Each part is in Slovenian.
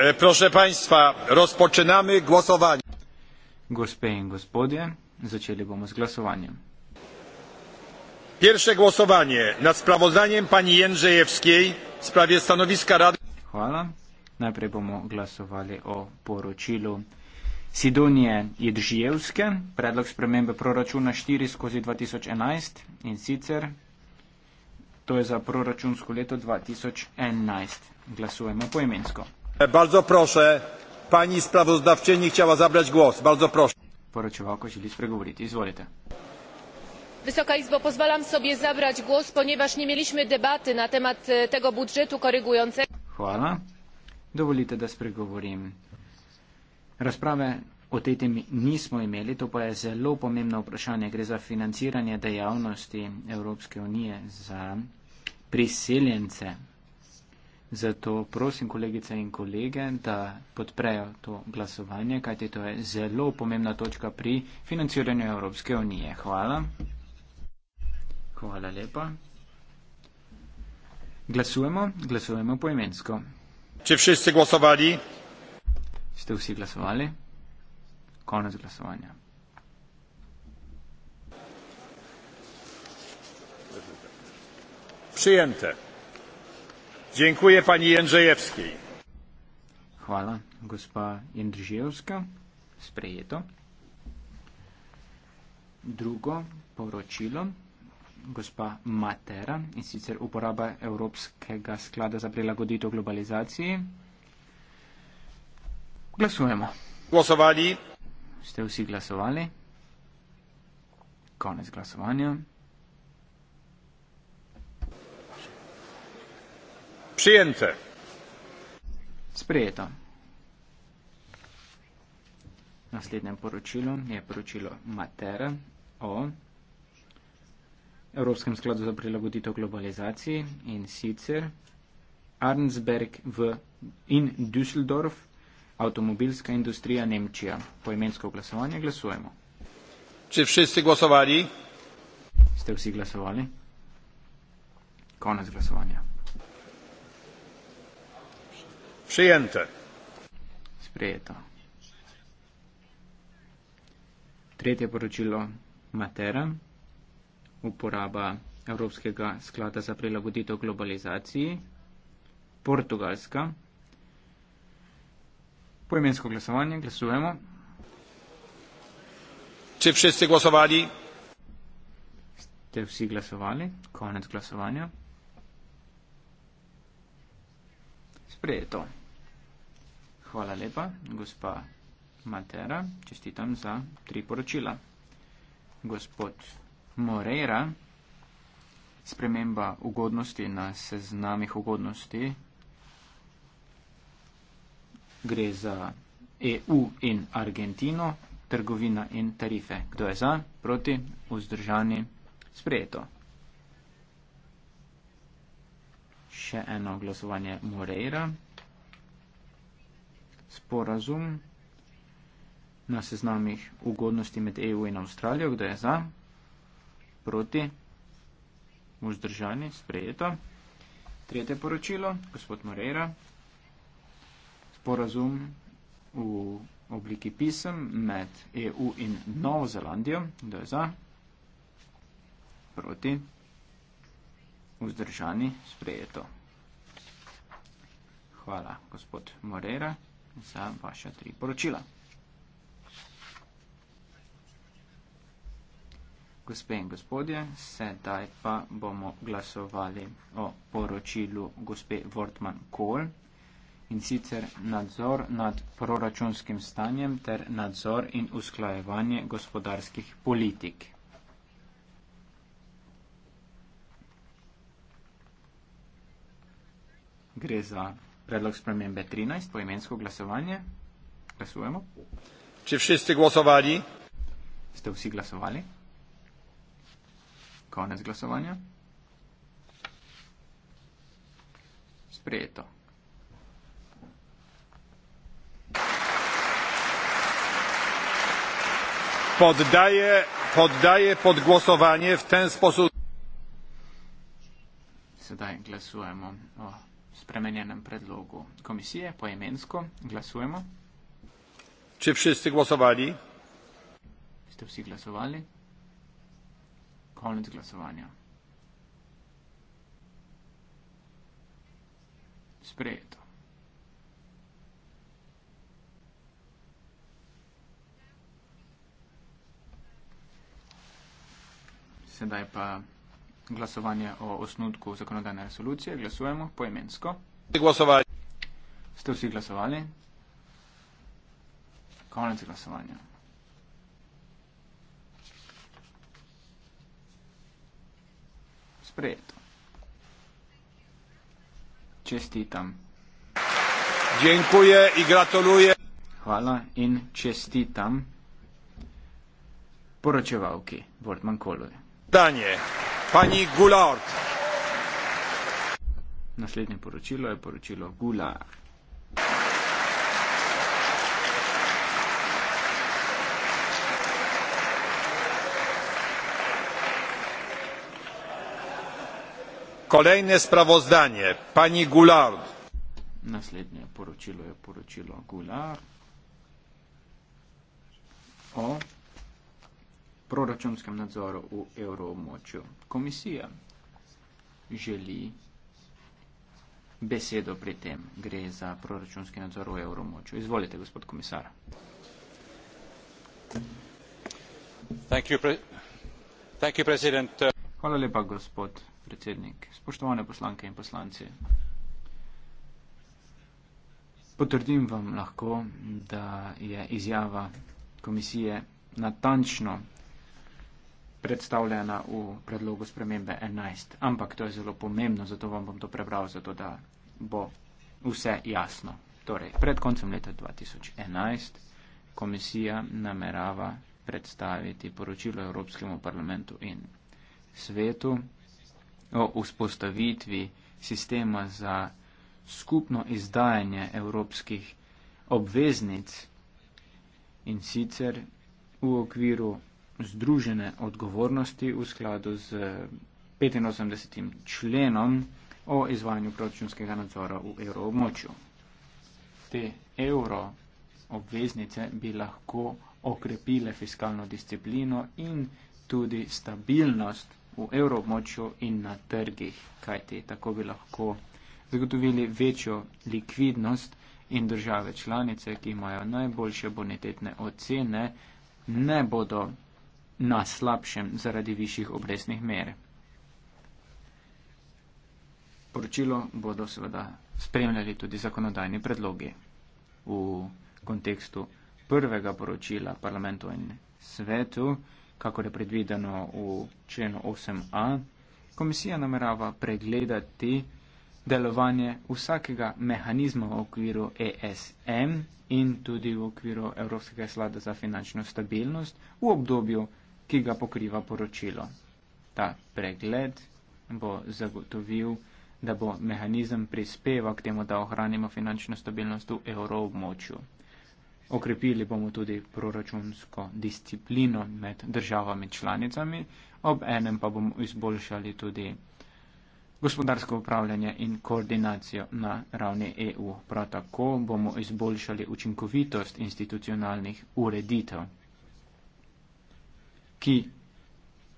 E, proszę państwa rozpoczynamy głosowanie gospe in gospodje zaczęli bomo z głosowaniem pierwsze głosowanie nad sprawozdaniem pani Jędrzejewskiej w sprawie stanowiska rady Chwala. najpierw bomo głosowali o poroczilu Sidonije Jedrzijevske, predlog spremembe proračuna 4 skozi 2011 in sicer to je za proračunsko leto 2011. Glasujemo poimensko. imensko. E, bardzo proszę pani sprawozdawczyni chciała zabrać głos bardzo proszę Wysoka Izbo, pozwalam sobie zabrać głos, ponieważ nie mieliśmy debaty na temat e, tego budżetu korygującego. Chwała. Dovolite, da spregovorim. Razprave o tej temi nismo imeli, to pa je zelo pomembno vprašanje. Gre za financiranje dejavnosti Evropske unije za prisiljence. Zato prosim kolegice in kolege, da podprejo to glasovanje, kajti to je zelo pomembna točka pri financiranju Evropske unije. Hvala. Hvala lepa. Glasujemo, glasujemo poimensko. Če vsi ste glasovali? Ste vsi glasovali? Konec glasovanja. Przyjęte dziękuję pani Jędrzejewskiej. Hvala, gospa Jędrzejewska. Sprejeto. Drugo poročilo, gospa Matera, in sicer uporaba Evropskega sklada za prilagoditev globalizaciji. Glasujemo. Glasovali. Ste vsi glasovali? Konec glasovanja. przyjęte sprejeto naslednje poročilo je poročilo Matera o Evropskem skladu za prilagoditev globalizaciji in sicer Arnsberg v in Düsseldorf avtomobilska industrija Nemčija po imensko glasovanje glasujemo Če všesti glasovali? Ste vsi glasovali? Konec glasovanja przyjęte. Sprejeto. Tretje poročilo Matera, uporaba Evropskega sklada za prilagoditev globalizaciji, Portugalska. Poimensko glasovanje, glasujemo. Če všesti glasovali? Ste vsi glasovali, konec glasovanja. Sprejeto. Hvala lepa, gospa Matera, čestitam za tri poročila. Gospod Moreira, sprememba ugodnosti na seznamih ugodnosti gre za EU in Argentino, trgovina in tarife. Kdo je za, proti, vzdržani, sprejeto. Še eno glasovanje Moreira sporazum na seznamih ugodnosti med EU in Avstralijo, kdo je za, proti, vzdržani, sprejeto. Tretje poročilo, gospod Moreira, sporazum v obliki pisem med EU in Novo Zelandijo, kdo je za, proti, vzdržani, sprejeto. Hvala, gospod Moreira za vaša tri poročila. Gospe in gospodje, sedaj pa bomo glasovali o poročilu gospe Wortman Kohl in sicer nadzor nad proračunskim stanjem ter nadzor in usklajevanje gospodarskih politik. Gre za Predlog spremembe 13, poimensko glasovanje. Glasujemo. Če všichni glasovali? Ste vsi glasovali? Konec glasovanja. Sprejeto. Poddaje, poddaje pod glasovanje v ten sposob. Sedaj glasujemo o spremenjenem predlogu komisije poimensko glasujemo Če wszyscy głosowali? Ste vsi glasovali? Konec glasovanja. Sprejeto. Sedaj pa glasovanje o osnutku zakonodajne resolucije. Glasujemo poemensko. Ste vsi glasovali? Konec glasovanja. Sprejeto. Čestitam. Dziękuję i gratuluję. Hvala in čestitam poročevalki Bortman Koluje. Danje pani Goulart. Naslednje poročilo je poročilo Goulart. Kolejne sprawozdanie, pani Goulart. Naslednie poruczyło je poruczyło Goulart. O proračunskem nadzoru v evroobmočju. Komisija želi besedo pri tem, gre za proračunski nadzor v evroobmočju. Izvolite, gospod komisar. Hvala lepa, gospod predsednik. Spoštovane poslanke in poslanci. Potrdim vam lahko, da je izjava komisije natančno predstavljena v predlogu spremembe 11. Ampak to je zelo pomembno, zato vam bom to prebral, zato da bo vse jasno. Torej, pred koncem leta 2011 komisija namerava predstaviti poročilo Evropskemu parlamentu in svetu o vzpostavitvi sistema za skupno izdajanje evropskih obveznic in sicer v okviru združene odgovornosti v skladu z 85. členom o izvajanju proračunskega nadzora v evroobmočju. Te evro obveznice bi lahko okrepile fiskalno disciplino in tudi stabilnost v evroobmočju in na trgih, kajti tako bi lahko zagotovili večjo likvidnost in države članice, ki imajo najboljše bonitetne ocene, ne bodo na slabšem zaradi višjih obresnih mer. Poročilo bodo seveda spremljali tudi zakonodajni predlogi v kontekstu prvega poročila parlamentu in svetu, kako je predvideno v členu 8a. Komisija namerava pregledati delovanje vsakega mehanizma v okviru ESM in tudi v okviru Evropskega slada za finančno stabilnost v obdobju 2020-2021 ki ga pokriva poročilo. Ta pregled bo zagotovil, da bo mehanizem prispeval k temu, da ohranimo finančno stabilnost v evroobmočju. Okrepili bomo tudi proračunsko disciplino med državami članicami, ob enem pa bomo izboljšali tudi gospodarsko upravljanje in koordinacijo na ravni EU. Prav tako bomo izboljšali učinkovitost institucionalnih ureditev, ki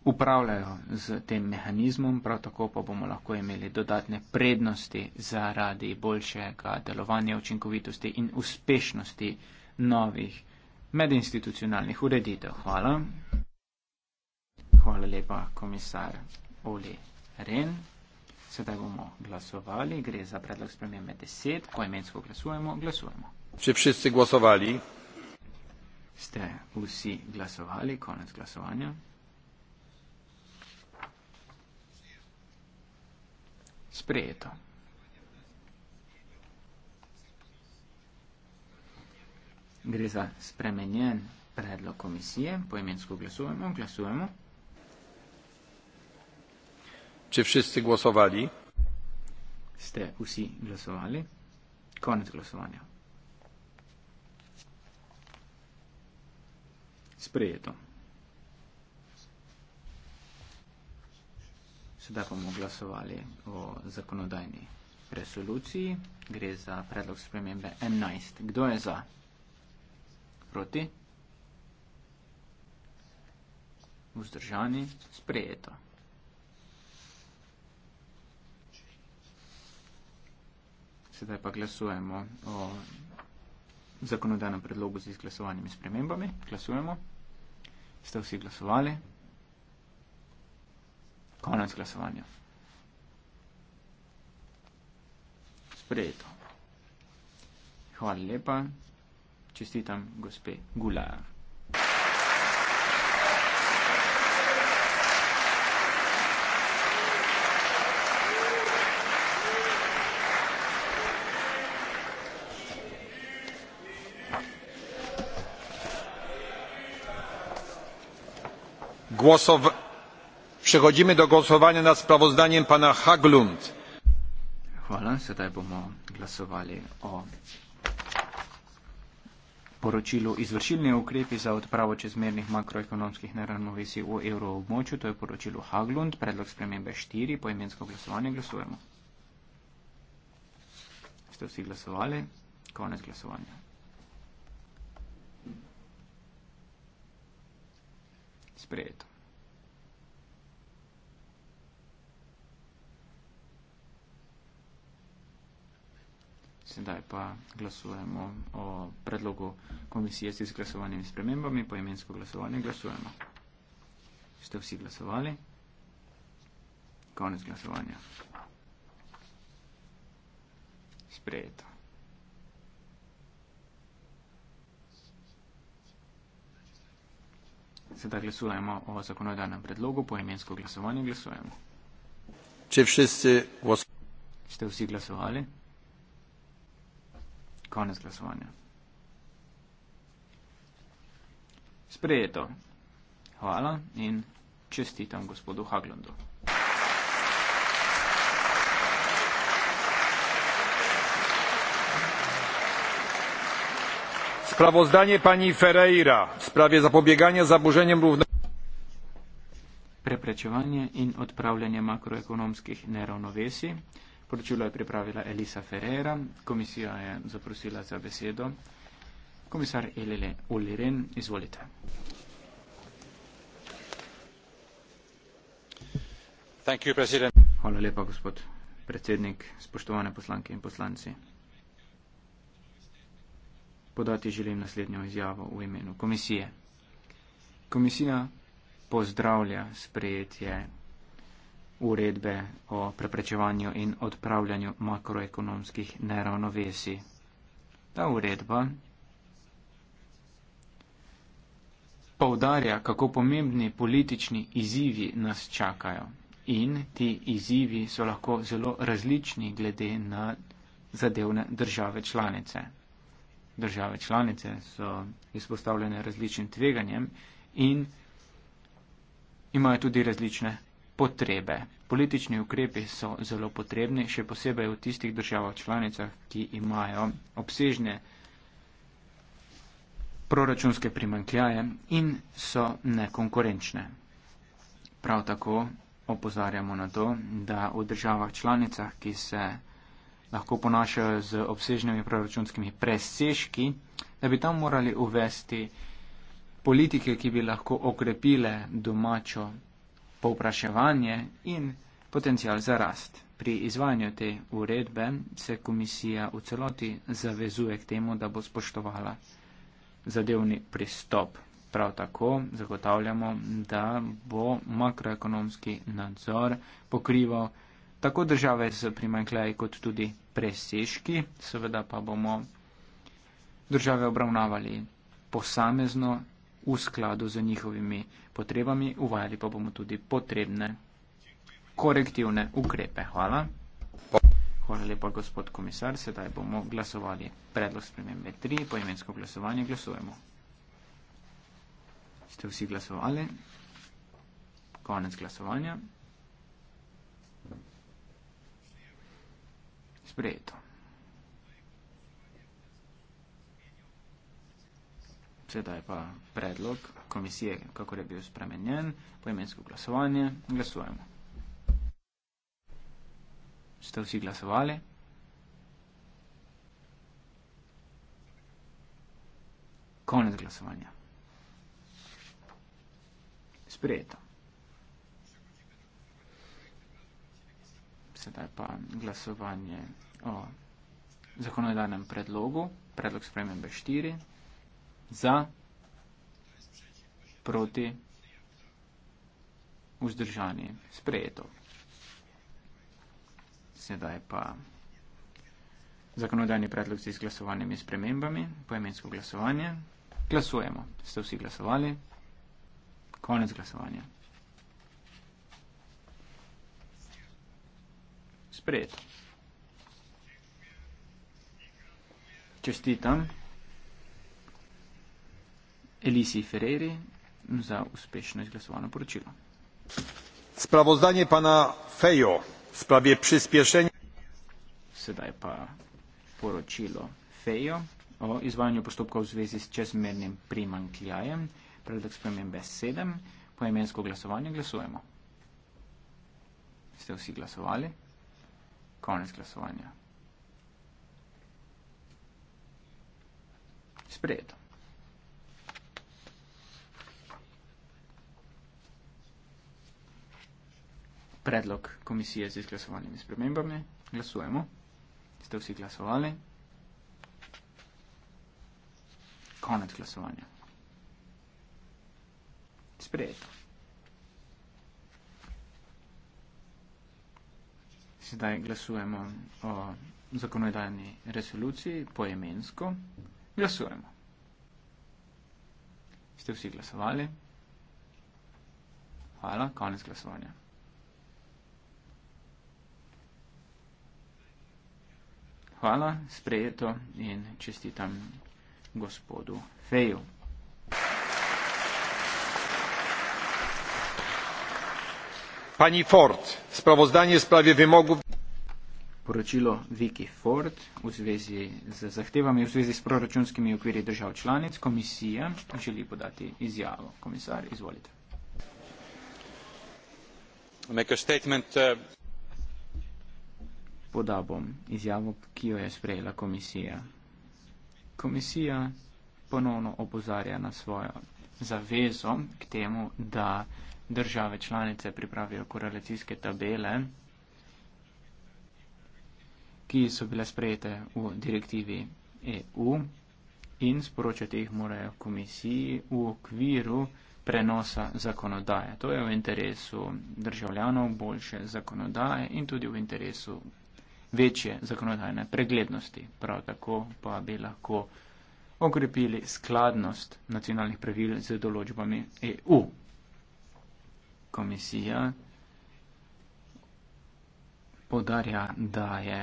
upravljajo z tem mehanizmom, prav tako pa bomo lahko imeli dodatne prednosti zaradi boljšega delovanja učinkovitosti in uspešnosti novih medinstitucionalnih ureditev. Hvala. Hvala lepa, komisar Oli Ren. Sedaj bomo glasovali. Gre za predlog spremembe 10. Poimensko glasujemo. Glasujemo. Če vsi glasovali ste vsi glasovali, konec glasovanja. Sprejeto. Gre za spremenjen predlog komisije, poimensko glasujemo, glasujemo. Če všichni glasovali? Ste vsi glasovali, konec glasovanja. sprejeto. Sedaj bomo glasovali o zakonodajni resoluciji. Gre za predlog spremembe 11. Kdo je za? Proti? Vzdržani? Sprejeto. Sedaj pa glasujemo o zakonodajnem predlogu z izglasovanimi spremembami. Glasujemo. Ste vsi glasovali? Konec glasovanja. Sprejeto. Hvala lepa. Čestitam gospe Gulajar. przechodzimy do głosowania nad sprawozdaniem pana hglunda poročilu izvršilni ukrepi za odpravo čezmernih makroekonomskih neravnovesij v evroobmočju, to je poročilo Haglund, predlog spremembe 4, poimensko glasovanje glasujemo. Ste vsi glasovali? Konec glasovanja. Sprejeto. Sedaj pa glasujemo o predlogu komisije s izglasovanimi spremembami, po imensko glasovanje glasujemo. Ste vsi glasovali? Konec glasovanja. Sprejeto. Sedaj glasujemo o zakonodajnem predlogu, po imensko glasovanje glasujemo. Ste vsi glasovali? Konec glasovanja. Sprejeto. Hvala in čestitam gospodu Haglundu. Sprawozdanie pani Ferreira w sprawie zapobiegania zaburzeniom równowagi. Przepracowanie i odprawienie makroekonomicznych nierównowagi. Poročilo je pripravila Elisa Ferreira, komisija je zaprosila za besedo. Komisar Elele Uliren, izvolite. You, Hvala lepa, gospod predsednik, spoštovane poslanke in poslanci. Podati želim naslednjo izjavo v imenu komisije. Komisija pozdravlja sprejetje uredbe o preprečevanju in odpravljanju makroekonomskih neravnovesij. Ta uredba poudarja, kako pomembni politični izzivi nas čakajo. In ti izzivi so lahko zelo različni glede na zadevne države članice. Države članice so izpostavljene različnim tveganjem in imajo tudi različne potrebe. Politični ukrepi so zelo potrebni, še posebej v tistih državah članicah, ki imajo obsežne proračunske primankljaje in so nekonkurenčne. Prav tako opozarjamo na to, da v državah članicah, ki se lahko ponašajo z obsežnimi proračunskimi presežki, da bi tam morali uvesti politike, ki bi lahko okrepile domačo povpraševanje in potencial za rast. Pri izvajanju te uredbe se komisija v celoti zavezuje k temu, da bo spoštovala zadevni pristop. Prav tako zagotavljamo, da bo makroekonomski nadzor pokrival tako države z primankljaji kot tudi presežki. Seveda pa bomo države obravnavali posamezno v skladu z njihovimi potrebami, uvajali pa bomo tudi potrebne korektivne ukrepe. Hvala. Hvala lepa, gospod komisar. Sedaj bomo glasovali predlog spremembe 3. Poimensko glasovanje glasujemo. Ste vsi glasovali? Konec glasovanja. Sprejeto. sedaj pa predlog komisije, kako je bil spremenjen, poimensko glasovanje. Glasujemo. Ste vsi glasovali? Konec glasovanja. Sprejeto. Sedaj pa glasovanje o zakonodajnem predlogu, predlog spremembe 4 za, proti, vzdržani, sprejeto. Sedaj pa zakonodajni predlog z izglasovanimi spremembami, poemensko glasovanje. Glasujemo. Ste vsi glasovali? Konec glasovanja. Sprejeto. Čestitam. Elisi Ferreri za uspešno izglasovano poročilo. Spravozdanje pana Fejo v sprave prispješenja. Sedaj pa poročilo Fejo o izvajanju postopka v zvezi s čezmernim primankljajem, predlog spremembe 7, po imensko glasovanje glasujemo. Ste vsi glasovali? Konec glasovanja. Sprejeto. predlog komisije z izglasovanimi spremembami. Glasujemo. Ste vsi glasovali? Konec glasovanja. Sprejeto. Sedaj glasujemo o zakonodajni resoluciji poemensko. Glasujemo. Ste vsi glasovali? Hvala, konec glasovanja. hvala, sprejeto in čestitam gospodu Feju. Pani Ford, sprawozdanie w sprawie wymogów. Poročilo Vicky Ford v zvezi z zahtevami v zvezi s proračunskimi okviri držav članic komisija želi podati izjavo. Komisar, izvolite. Make a statement, uh podabom izjavo, ki jo je sprejela komisija. Komisija ponovno opozarja na svojo zavezo k temu, da države članice pripravijo korelacijske tabele, ki so bile sprejete v direktivi EU in sporočati jih morajo komisiji v okviru prenosa zakonodaje. To je v interesu državljanov boljše zakonodaje in tudi v interesu večje zakonodajne preglednosti. Prav tako pa bi lahko okrepili skladnost nacionalnih pravil z določbami EU. Komisija podarja, da je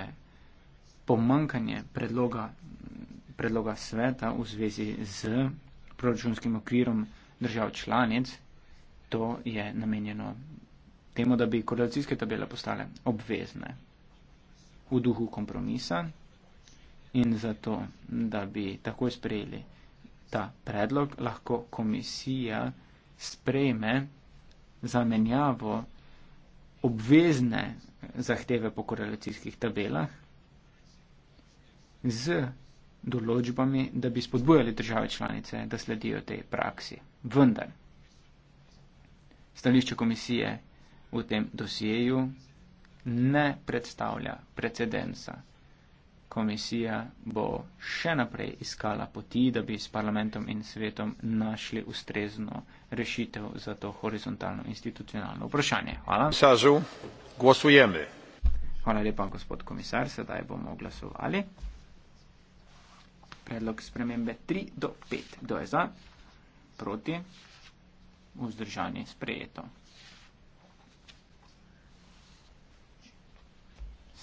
pomankanje predloga, predloga sveta v zvezi z proračunskim okvirom držav članic, to je namenjeno temu, da bi koordinacijske tabele postale obvezne v duhu kompromisa in zato, da bi takoj sprejeli ta predlog, lahko komisija sprejme zamenjavo obvezne zahteve po korelacijskih tabelah z določbami, da bi spodbujali države članice, da sledijo tej praksi. Vendar, stališče komisije v tem dosjeju ne predstavlja precedensa. Komisija bo še naprej iskala poti, da bi s parlamentom in svetom našli ustrezno rešitev za to horizontalno institucionalno vprašanje. Hvala. Sažu, glasujemo. Hvala lepa, gospod komisar. Sedaj bomo glasovali. Predlog spremembe 3 do 5. Kdo je za? Proti? Vzdržanje sprejeto.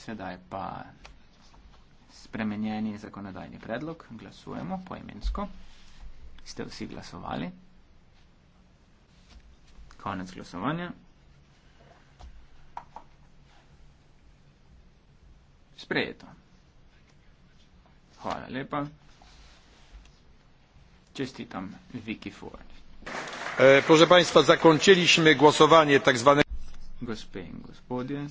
sedaj pa spremenjeni zakonodajni predlog. Glasujemo poimensko. Ste vsi glasovali? Konec glasovanja. Sprejeto. Hvala lepa. Čestitam Viki Ford. E, proszę Państwa, zakończyliśmy głosowanie tak zwane... Gospodje i gospodje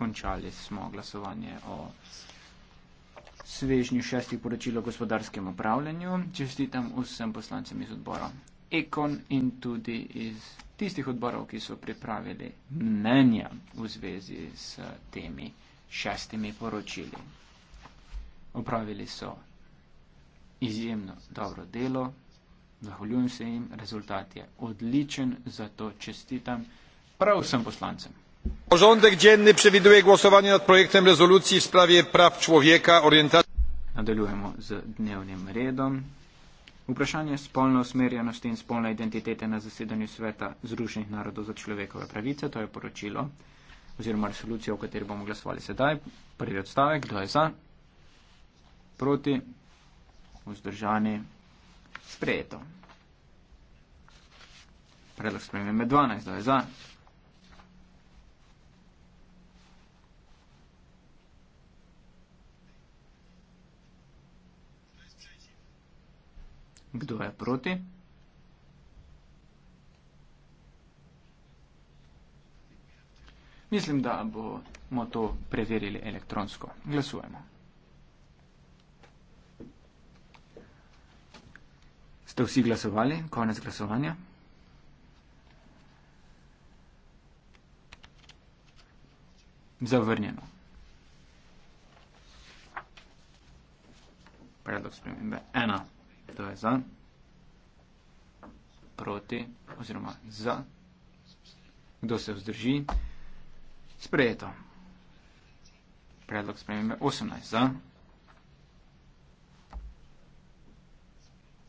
končali smo glasovanje o svežnju šestih poročil o gospodarskem upravljanju. Čestitam vsem poslancem iz odbora Ekon in tudi iz tistih odborov, ki so pripravili mnenja v zvezi s temi šestimi poročili. Opravili so izjemno dobro delo, zahvaljujem se jim, rezultat je odličen, zato čestitam prav vsem poslancem porządek dzienny przewiduje głosowanie nad projektem rezolucji w sprawie praw człowieka orientacji oziroma resolucija, o kateri bomo glasovali sedaj. Prvi odstavek, kdo je za? Proti? Vzdržani? Sprejeto. Predlog spremembe 12, kdo je za? Kdo je proti? Mislim, da bomo to preverili elektronsko. Glasujemo. Ste vsi glasovali? Konec glasovanja. Zavrnjeno. Predlog spremembe. Ena to je za, proti oziroma za, kdo se vzdrži, sprejeto. Predlog spremembe 18 za,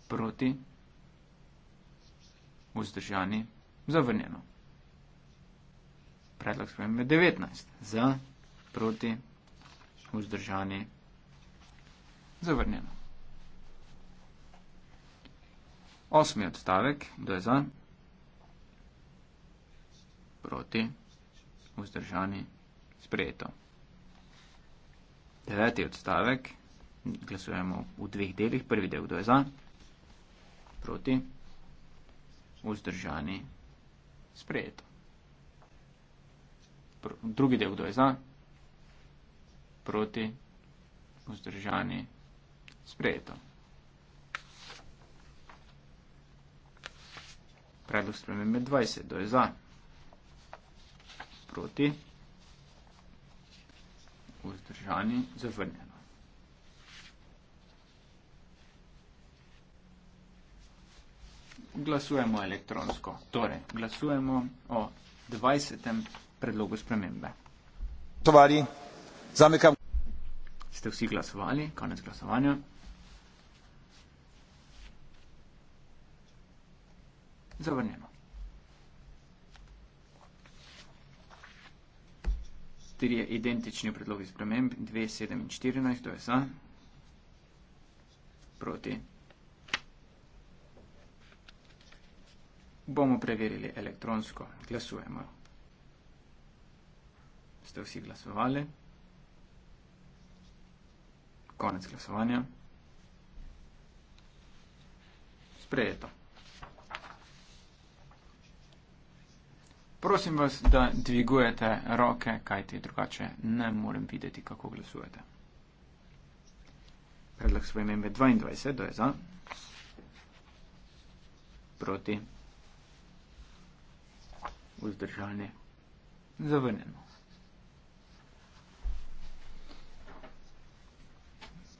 proti, vzdržani, zavrnjeno. Predlog spremembe 19 za, proti, vzdržani, zavrnjeno. Osmi odstavek, kdo je za? Proti, vzdržani, sprejeto. Deveti odstavek, glasujemo v dveh delih, prvi del, kdo je za? Proti, vzdržani, sprejeto. Drugi del, kdo je za? Proti, vzdržani, sprejeto. Sprejeto. predlog spremembe 20, to je za, proti, vzdržani, zavrnjeno. Glasujemo elektronsko, torej glasujemo o 20. predlogu spremembe. Tovari, zamekam. Ste vsi glasovali, konec glasovanja. zavrnjeno. Tri je identični predlogi sprememb, 2, 7 in 14, to je za, proti. Bomo preverili elektronsko, glasujemo. Ste vsi glasovali? Konec glasovanja. Sprejeto. prosim vas, da dvigujete roke, kajti drugače ne morem videti, kako glasujete. Predlog spremembe 22, kdo je za? Proti. Vzdržanje. Zavrnjeno.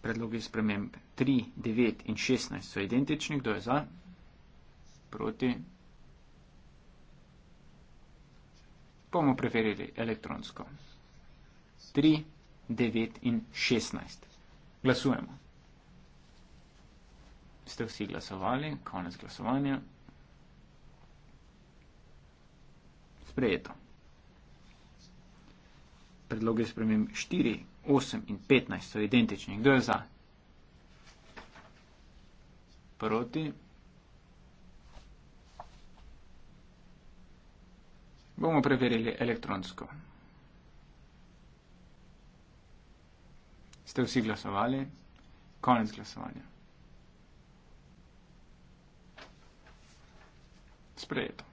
Predlogi spremembe 3, 9 in 16 so identični, kdo je za? Proti. bomo preverili elektronsko. 3, 9 in 16. Glasujemo. Ste vsi glasovali? Konec glasovanja. Sprejeto. Predloge spremem 4, 8 in 15 so identični. Kdo je za? Proti. Bomo preverili elektronsko. Ste vsi glasovali? Konec glasovanja. Sprejeto.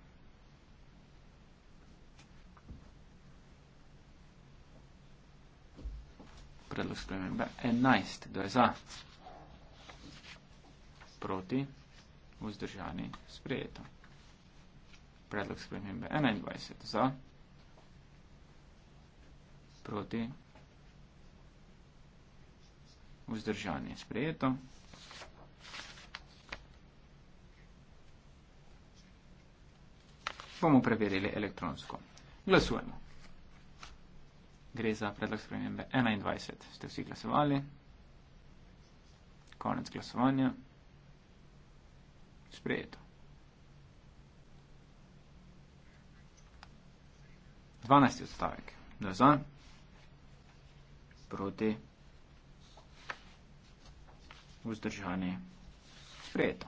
Predlog spremembe 11. Kdo je za? Proti? Vzdržani? Sprejeto predlog spremembe 21 za, proti, vzdržanje sprejeto. Bomo preverili elektronsko. Glasujemo. Gre za predlog spremembe 21. Ste vsi glasovali? Konec glasovanja. Sprejeto. 12. odstavek. Dozvan. Proti. Vzdržanje. Prijeto.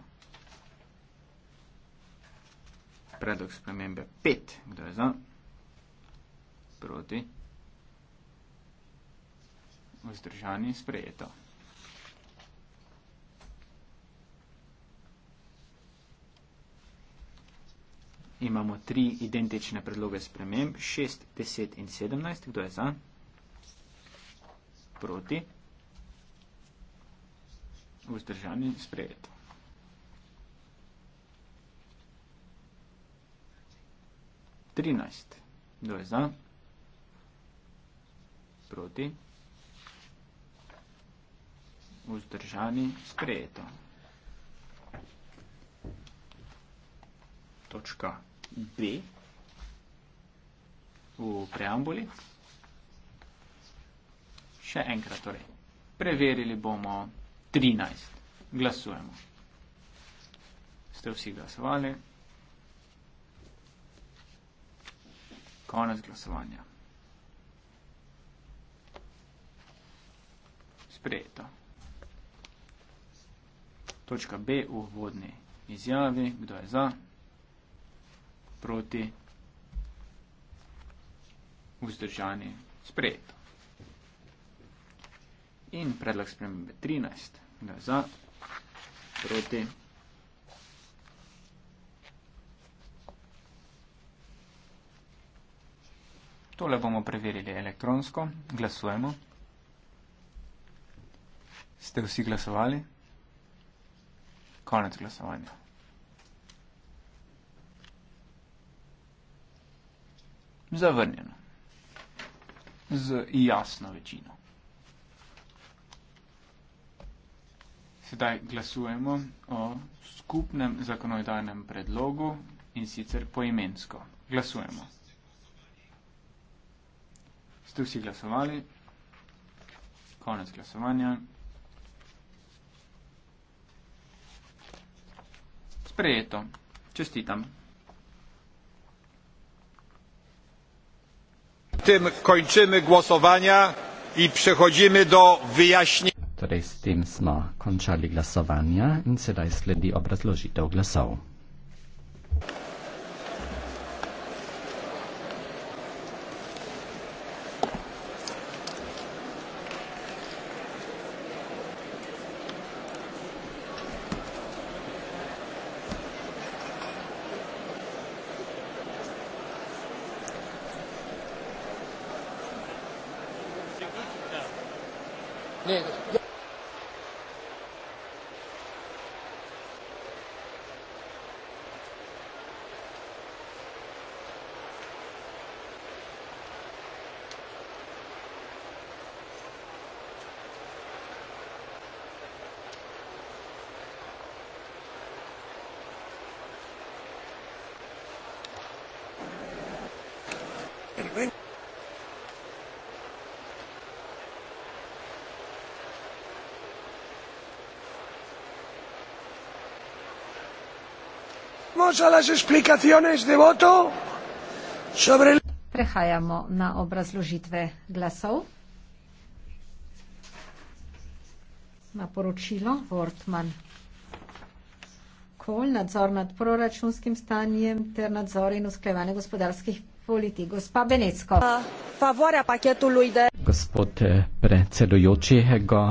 Predlog spremembe 5. Kdo je za? Proti. Vzdržanje. Prijeto. imamo tri identične predloge sprememb, 6, 10 in 17. Kdo je za? Proti. Vzdržani sprejeti. Trinajst. Kdo je za? Proti. Vzdržani sprejeto. Točka. B v preambuli. Še enkrat torej. Preverili bomo 13. Glasujemo. Ste vsi glasovali? Konec glasovanja. Sprejeto. Točka B v vodni izjavi. Kdo je za? proti vzdržani sprejeto. In predlog spremembe 13, da za, proti, Tole bomo preverili elektronsko. Glasujemo. Ste vsi glasovali? Konec glasovanja. zavrnjeno. Z jasno večino. Sedaj glasujemo o skupnem zakonodajnem predlogu in sicer poimensko. Glasujemo. Ste vsi glasovali? Konec glasovanja. Sprejeto. Čestitam. tym kończymy głosowania i przechodzimy do wyjaśnień. Tutaj torej, z tym sma kończali głosowania i teraz śledzi obraz logitał głosowania. Prehajamo na obrazložitve glasov. Na poročilo Wortman. Kol, nadzor nad proračunskim stanjem ter nadzor in usklevanje gospodarskih politik. Gospa Benecko. Gospod eh, predsedujočega. Eh,